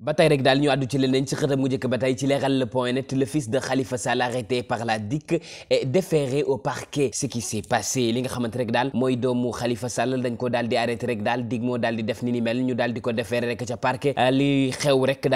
ba tey rek daal ñu àddu ci leneen ci xëtam mu njëkk ba ci leeral le point net le fils de Khalifa Sall arrêté par la DIC au parquet ce qui s'est passé li nga xamante rek daal mooy doomu xalifa Sall dañ ko daal di arrêté rek daal dig moo daal di def ni ni mel daal di ko déféré rek ca parquet euh, li xew rek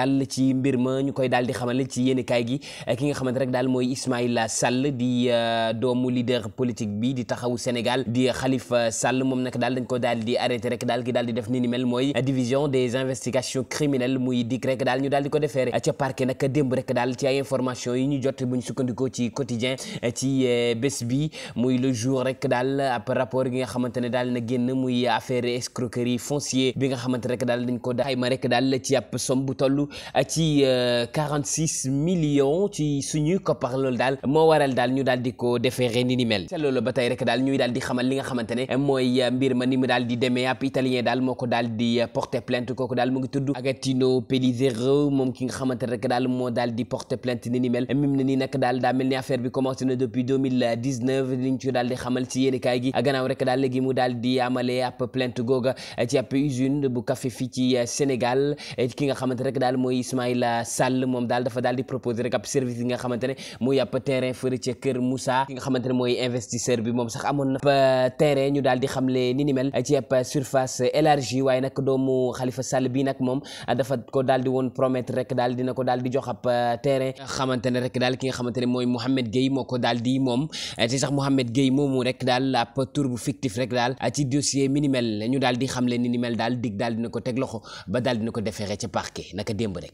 mbir ñu koy daal di xamal ci yéeni kaay gi euh, ki nga xamante rek daal mooy Ismaïla Sall di euh, doomu leader politique bi di taxawu Sénégal di xalifa Sall moom nag daal dañ ko daal di arrêté rek daal ki daal di def ni ni mel mooy division des investigations criminelles dik rek daal ñu daal di ko defeere ca parquet nag démb rek daal ci ay information yi ñu jot bu ñu sukkandikoo ci quotidien ci eh, bés bi muy le jour rek daal ab rapport gi nga xamante daal na génn muy affaire escroquerie foncier bi nga xamante rek daal ci ab somme bu toll ci 46 eh, millions ci suñuy koppar loolu daal moo waral daal ñu daal ko defeere ni daal ñuy daal xamal li nga xamante mooy eh, mbir ma ni daal di demee ab italien daal moo ko mobiliser réew moom ki nga xamante rek daal moo daal di porter plainte ni mim na nii nag daal daa mel ni affaire bi commencé depuis 2019 liñ ci daal di xamal ci yéeni usine bu café fii ci euh, Sénégal ki nga xamante rek daal mooy Ismaïla Sall moom daal dafa daal di proposer rek ab service nga xamante mooy investisseur bi moom sax amoon na terrain ñu daal di xamle ni ni ci ab surface élargie waaye nag doomu Khalifa Sall bi nag moom dafa daal di woon promettre rek daal dina ko daal di jox ab euh, terrain xamante ne rek daal ki nga xamante mooy Mouhamed Gueye moo ko daal di moom te euh, sax Mouhamed Gueye moomu rek daal ab tur bu fictif rek daal euh, ci dossier minimel ñu daal di xamle ni ni mel daal dig dina ko teg loxo ba daal dina ko defeere ca parquet naka démb rek